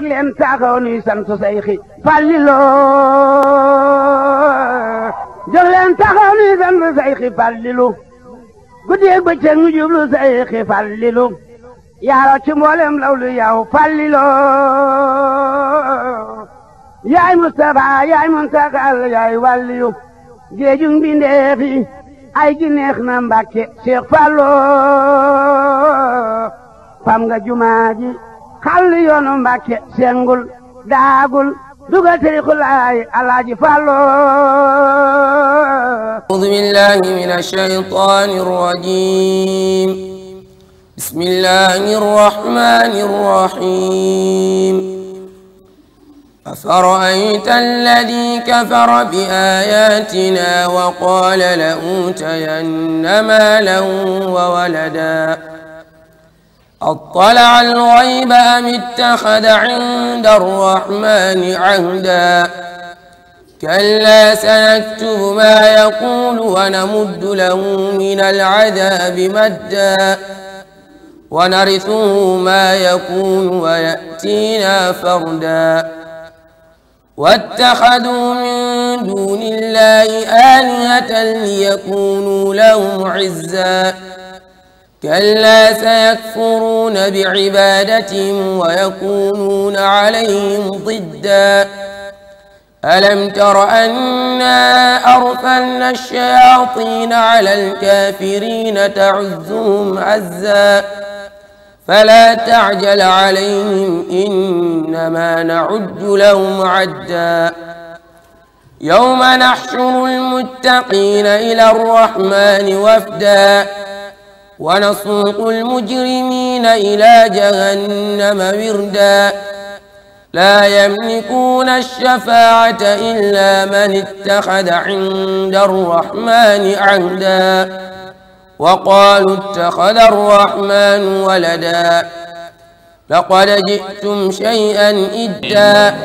leen taxaw nuy sant Seyxi Fàllilu jóg leen taxaw nuy sant Seyxi Fàllilu guddeeg bëccëg ñu jublu Seyxi Fàllilu yaaro ci mboolem lawlu yow yaay Mustafa yaay Muntaxal yaay wàlliyu géeju mbindeef yi ay gi neex na Mbàkke Cheikh Fallou fam nga jumaa ji xàll yoonu mbàkke sengul daagul dugal tariqu laay alaaji fàllo أعوذ بالله من الشيطان الرجيم بسم الله الرحمن الرحيم أفرأيت الذي كفر بآياتنا وقال لأوتين مالا وولدا أطلع الغيب أم اتخذ عند الرحمن عهدا كلا سنكتب ما يقول ونمد له من العذاب مدا ونرثه ما يقول ويأتينا فردا واتخذوا من دون الله آلهة ليكونوا لهم عزا كلا سيكفرون بعبادتهم ويكونون عليهم ضدا ألم تر أنا أرسلنا الشياطين على الكافرين تعزهم عزا فلا تعجل عليهم إنما نعد لهم عدا يوم نحشر المتقين إلى الرحمن وفدا ونسوق المجرمين إلى جهنم وردا لا يملكون الشفاعة إلا من اتخذ عند الرحمن عهدا وقالوا اتخذ الرحمن ولدا لقد جئتم شيئا إدا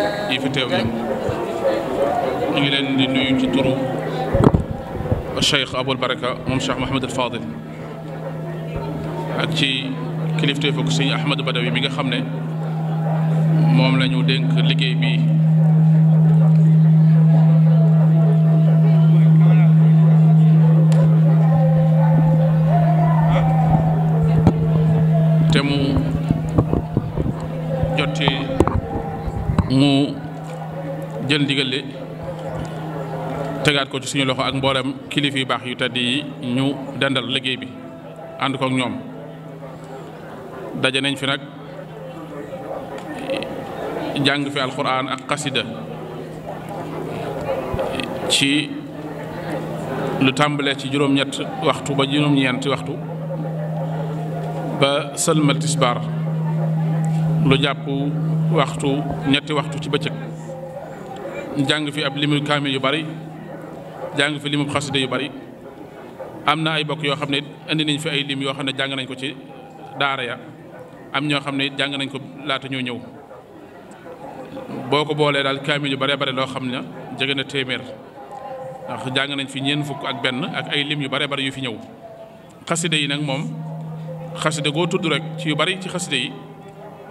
ñu ngi leen di nuyu ci turu Cheikh Abul Baraka moom Cheikh Mouhamed al Fadil ak ci kilifteefu ak sëñ Ahmadou Badawi bi nga xam ne moom la ñu dénk liggéey bi te mu jotti mu jël ndigal li tegaat ko ci suñu loxo ak mboolem kilifa yu baax yu tedd yi ñu dandal liggéey bi ànd ko ñoom daje nañ fi nag jàng fi alxuraan ak xasida ci lu tàmbalee ci juróom-ñett waxtu ba juróom-ñeenti waxtu ba sëlmal tisbaar lu jàpp waxtu ñetti waxtu ci bëccëg jàng fi ab limu kaamil yu bari jàng fi limu xasida yu bari am na ay bokk yoo xam ne indi nañ fi ay lim yoo xam ne jàng nañ ko ci daara ya am ñoo xam ne it jàng nañ ko laata ñoo ñëw boo ko boolee daal kaamil yu bare bare loo xam ne jege na téeméer ndax jàng nañ fi ñeent fukk ak benn ak ay lim yu bare bare yu fi ñëw xaside yi nag moom xaside goo tudd rek ci yu bari ci xaside yi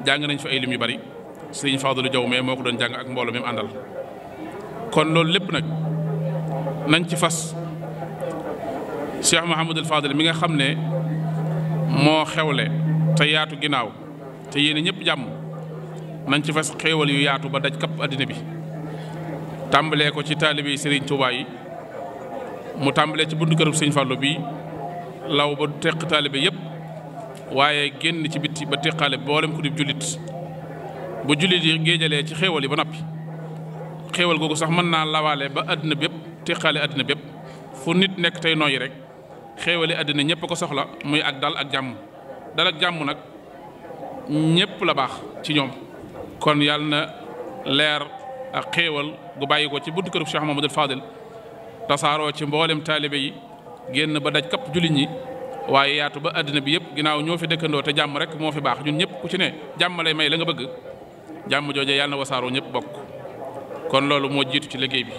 jàng nañ fi ay lim yu bari sëriñ Fadlu Jaw mais moo ko doon jàng ak mbooloo mi àndal kon loolu lépp nag nañ ci fas Cheikh Mouhamadul Fadil mi nga xam ne moo xewle te yaatu ginnaaw te yéene ñëpp jàmm nañ ci fas xéewal yu yaatu ba daj kapp àddina bi tàmbalee ko ci taalibe yi Serigne yi mu tàmbalee ci buntu kërub Serigne Fallou bi law ba teq taalibe yëpp waaye génn ci bitti ba teqaale boolem ku dib jullit bu jullit yi géejalee ci xéewal yi ba noppi xéewal googu sax mën naa lawale ba àddina bépp teqaale àddina bépp fu nit nekk tey nooyi rek xéewali àddina ñëpp ko soxla muy ak dal ak jàmm dal jàmm nag ñépp la baax ci ñoom kon yàlla na leer a xéewal gu bàyyi ko ci buntu kër Cheikh Mamadou Fadil tasaaroo ci mboolem taalibe yi génn ba daj kapp jullit ñi waaye yaatu ba àddina bi yëpp ginnaaw ñoo fi dëkkandoo te jàmm rek moo fi baax ñun ñëpp ku ci ne jàmm lay may la nga bëgg jàmm jooje yàlla na wasaaroo ñëpp bokk kon loolu moo jiitu ci liggéey bi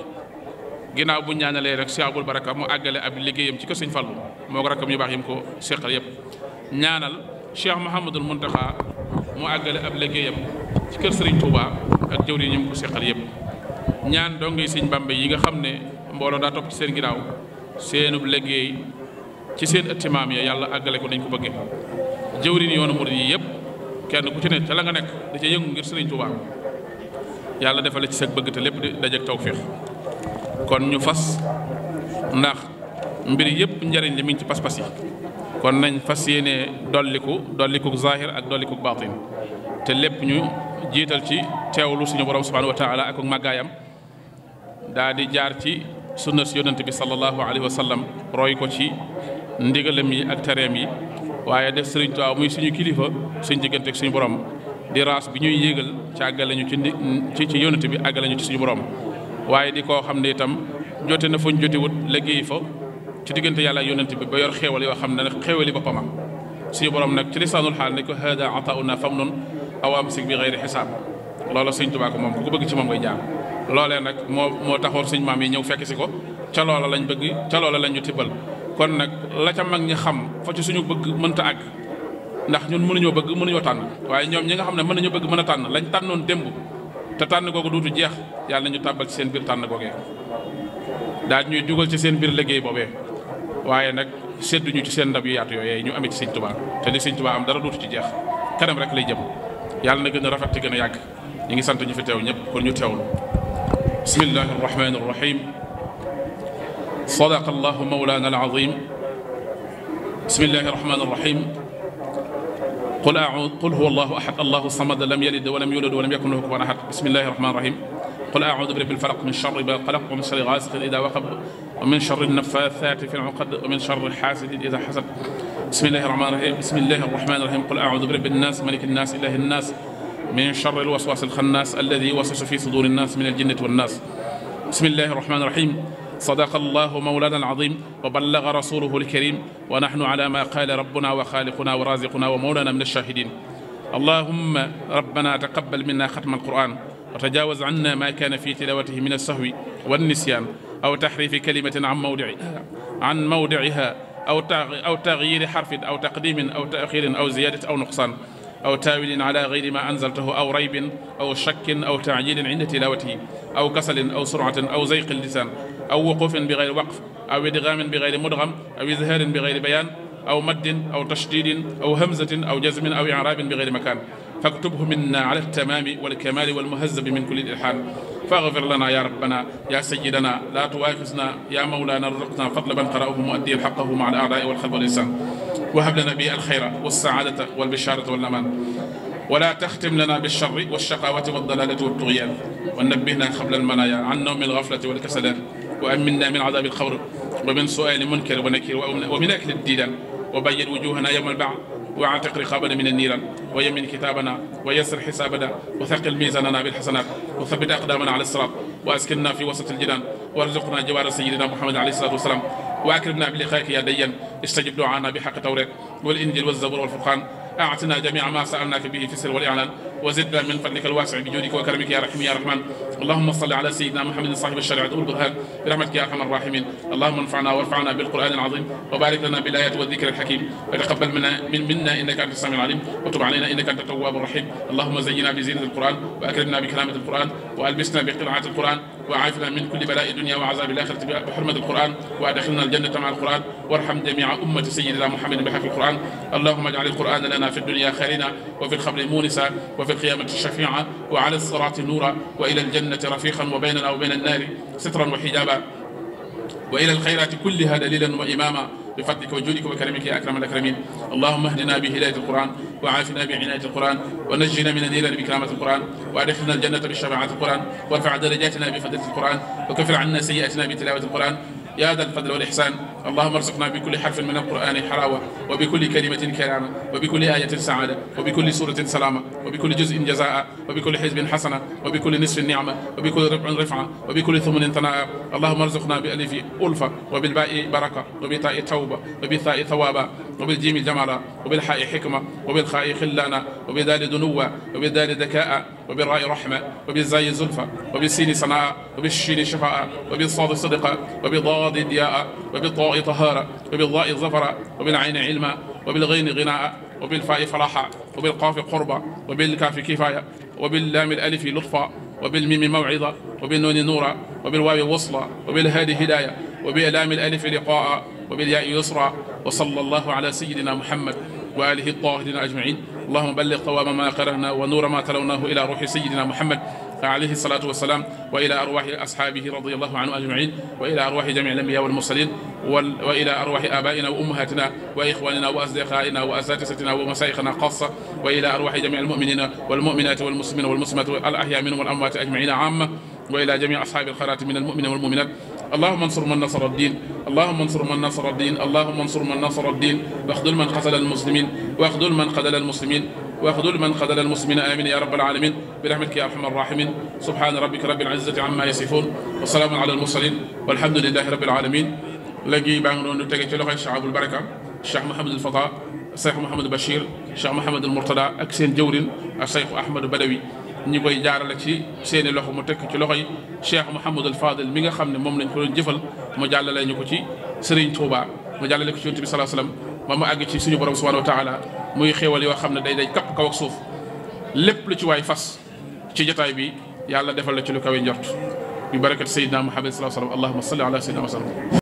ginnaaw bu ñaanalee rek Cheikh Abdoul Baraka mu àggale ab liggéeyam ci kër Sëñ Fallu moo ko rakkam baax yi mu ko yëpp ñaanal Cheikh Mouhamadul Mountakha mu àggale ab liggéeyam ci kër Serigne Touba ak jëwriñ ñi mu ko seqal yëpp ñaan yi Serigne Bamba yi nga xam ne mbooloo daa topp ci seen ginnaaw seenub liggéey ci seen ëtti maam ya yàlla àggale ko nañ ko bëgge jëwriñ yoonu murid yi yëpp kenn ku ci ne ca la nga nekk da ca yëngu ngir Serigne Touba yàlla defale ci sa bëgg te lépp di dajeeg tawféex kon ñu fas ndax mbir yëpp njëriñ li mi ci pas-pas yi. kon nañ fas yéenee dolliku dolliku zahir ak dolliku baatin te lépp ñu jiital ci teewlu suñu borom subhanahu wa taala ak màggaayam daa di jaar ci sunna si yonent bi sallallahu alayhi wa sallam roy ko ci ndigalam yi ak tereem yi waaye def sëriñ Tuubaa muy suñu kilifa suñu diggante ak suñu borom di ras bi ñuy yéegal ci àggale ñu ci ci yonent bi àggale ñu ci suñu borom waaye di koo xam ne itam jote na fuñ jotewut liggéey fa ci diggante yàlla ak yonent bi ba yor xéewal yoo xam ne nag xéewali boppam suñu borom nag ci lisaanul xaal ne ko hada atauna fam noon aw amsik bi xeyri xisaab loola sëñ Tuubaa moom ku ko bëgg ci moom ngay jaar loolee nag moo moo taxoon suñ maam yi ñëw fekk si ko ca loola lañ bëgg ca loola lañ ñu tibbal kon nag la ca mag ñi xam fa ci suñu bëgg mënta àgg ndax ñun mënuñoo bëgg mënuñoo tànn waaye ñoom ñi nga xam ne mën nañu bëgg mën a tànn lañ tànnoon démb te tànn googu duutu jeex yàlla nañu tàbbal ci seen biir tànn googee daal ñuy dugal ci seen biir liggéey boobee waaye nag sedduñu ci seen ndab yu yaatu yooyee ñu amee ci sëñ Tuubaa te li sëñ Tuubaa am dara duutu ci jeex kanam rek lay jëm yàlla na gën a rafet te gën a yàgg ñu ngi sant ñu fi teew ñëpp kon ñu teewlu bismillahi arrahmani arrahim sadaqa allahu mawlana alazim bismillahi arrahmani arrahim qul huwa allahu ahad allahu samad lam yalid wa lam yulad wa lam yakun lahu kufuwan ahad bismillahi arrahmani arrahim qul a'uudu bi rabbil falaq min sharri maa xalaq wa min sharri gaasiqin idaa waqab wa min sharri naffaasaati fil uqad wa min sharri haasidin idaa hasad bismillaahi rahmaani rahiim bismillaahi rahmaani rahiim qul a'uudu bi rabbin naas malikin naas ilaahin naas min sharril waswaasil xannaas allazii yuwaswisu fii suduurin naas minal jinnati wan naas bismillaahi rahmaani rahiim sadaqallaahu mawlaanal aziim wa ballaga rasuuluhul kariim wa nahnu alaa maa qaala rabbunaa wa xaaliqunaa wa raaziqunaa wa mawlaanaa minash shaahidiin allaahumma rabbanaa taqabbal minnaa xatmal qur'aan wa tajaawaz anna maa kaana fi tilaawatihi min as-sahwi wa n-nisyaan aw taxriifi kalimatin an mawdicihaa an mawdicihaa aw aw taxyiiri xarfin aw taqdiimin aw taaxiirin aw ziyaadatin aw nuqsaan aw taawilin alaa gayri maa anzaltahu aw raybin aw shakkin aw tajiilin inda tilaawatihi aw kasalin aw surcatin aw zayqin lisaan aw wuquufin bi gayri waqf aw idgaamin bi gayri mudgam aw izhaarin bi gayri bayaan aw maddin aw tashdiidin aw hamzatin aw jazmin aw icraabin bi gayri makaan فاكتبه منا على التمام والكمال والمهذب من كل الإلحان فاغفر لنا يا ربنا يا سيدنا لا تؤاخذنا يا مولانا ارزقنا فضل من قرأه مؤديا حقه مع الأعداء والخلق والإنسان وهب لنا به الخير والسعادة والبشارة والأمان ولا تختم لنا بالشر والشقاوة والضلالة والطغيان ونبهنا قبل المنايا عن نوم الغفلة والكسلان وأمنا من عذاب القبر ومن سؤال منكر ونكير ومن أكل الديدان وبين وجوهنا يوم البعث واعتق رقابنا من النيران ويمن كتابنا ويسر حسابنا وثقل ميزاننا بالحسنات وثبت أقدامنا على الصراط وأسكننا في وسط الجنان وارزقنا جوار سيدنا محمد عليه الصلاة والسلام وأكرمنا بلقائك يا ديان استجب دعانا بحق توراة والإنجيل والزبور والفرقان أعطنا جميع ما سألناك به في السر والإعلان وزدنا من فضلك الواسع بجودك وكرمك يا رحيم يا رحمن اللهم صل على سيدنا محمد صاحب الشريعة والبرهان برحمتك يا أرحم الراحمين اللهم انفعنا وارفعنا بالقرآن العظيم وبارك لنا بالآيات والذكر الحكيم وتقبل منا من منا إنك أنت السميع العليم وتب علينا إنك أنت التواب الرحيم اللهم زينا بزينة القرآن وأكرمنا بكلامة القرآن وألبسنا بقراءة القرآن wa aafina min kulli balaa'i dunya wa azaabil aaxirati bi hurmatil Qur'aan wa adxilna al-jannata ma'a al-Qur'aan warham jamii'a ummati sayyidinaa Muhammadin bi haqqil Qur'aan allahumma ij'al al-Qur'aana lanaa fi dunyaa xariina wa fil qabri muunisa wa fil qiyaamati shafii'an wa alaa siraati nuuran wa ilal jannati rafiiqan wa baynanaa wa bayna an-naari sitran wa hijaaban wa ilal xayraati kullihaa daliilan wa imaaman بفضلك وجودك وكرمك يا اكرم الاكرمين اللهم اهدنا بهدايه القران وعافنا بعنايه القران ونجنا من النيران بكرامه القران وادخلنا الجنه بشفاعه القران وارفع درجاتنا بفضله القران وكفر عنا سيئاتنا بتلاوه القران يا ذا الفضل والاحسان allahuma arzuqna bi kulli xarfin min alqurani xalawa wa bi kulli kalimatin kiraama wa bi kulli ayatin saada wa bi kulli suratin salaama wa bi kulli juzin jazaa wa bi kulli xizbin xasana wa bi kulli nisfin nicma wa bi kulli rabin rifa wa bi kulli thumunin tanaa allahuma arzuqna bi alifi ulfa wa bil baai baraka wa bi taai tawba wa bi thaai thawaaba wa bil jiimi jamala wa bil xaai xikma wa bil xaai xillaana wa bi daali dunuwa wa bi daali dakaa وبالراء رحمة وبالزاي زلفى وبالسين صنعاء وبالشين شفاء وبالصاد صدقة وبالضاد ضياء وبالطاء طهارة وبالضاء ظفرة وبالعين علما وبالغين غناء وبالفاء فلاحا وبالقاف قربا وبالكاف كفاية وباللام الألف لطفا وبالميم موعظة وبالنون نورا وبالواو وصلا وبالهاد هداية وباللام الألف لقاء وبالياء يسرا وصلى الله على سيدنا محمد وآله الطاهرين أجمعين allahuma ballig qawaama ma qara'na wa nuura ma talawnaahu ila ruuxi sayidina muhammad alayhi salaatu wa salaam wa ila arwaaxi asxaabihi radiyallahu anhu ajmain wa ila arwaaxi jamii alambiya walmursalin wa ila arwaaxi aabaaina wa ummahaatina wa ixwaanina wa asdiqaaina wa asaatisatina wa masaayixina xaasa wa ila arwaaxi jamii almuminina walmuminaati walmuslimina walmuslimaati al ahyaa minhum wal amwaati ajmaina aama wa ila jamii asxaabi alxayraati min almuminina walmuminaat اللهم انصر من نصر الدين اللهم انصر من نصر الدين اللهم انصر من نصر الدين واخذل من خذل المسلمين واخذل من خذل المسلمين واخذل من خذل المسلمين امين يا رب العالمين برحمتك يا ارحم الراحمين سبحان ربك رب العزه عما يصفون والسلام على المرسلين والحمد لله رب العالمين léegi baa ngi doon tege ci loxoy Cheikh Abul Baraka Cheikh Mouhamadul Fata Cheikh Mouhamadou Bachir Cheikh Mouhamadul Mourtada ak seen jëwrin ak Cheikh Ahmadou Badawi ñi koy jaarale ci seeni loxo mu tekk ci loxo yi Cheikh Mouhamadul Fadil mi nga xam ne moom lañ ko doon jëfal mu jàllale ñu ko ci Serigne Touba mu jàllale ko ci yonent bi salaa salaam ba àgg ci suñu borom subhanahu wa taala muy xéewal yoo xam ne day day kapp kaw ak suuf lépp lu ci waay fas ci jotaay bi yàlla defal la ci lu kawe njort bi barakat Seydina Muhammad salaa salaam allahumma salli ala Seydina Muhammad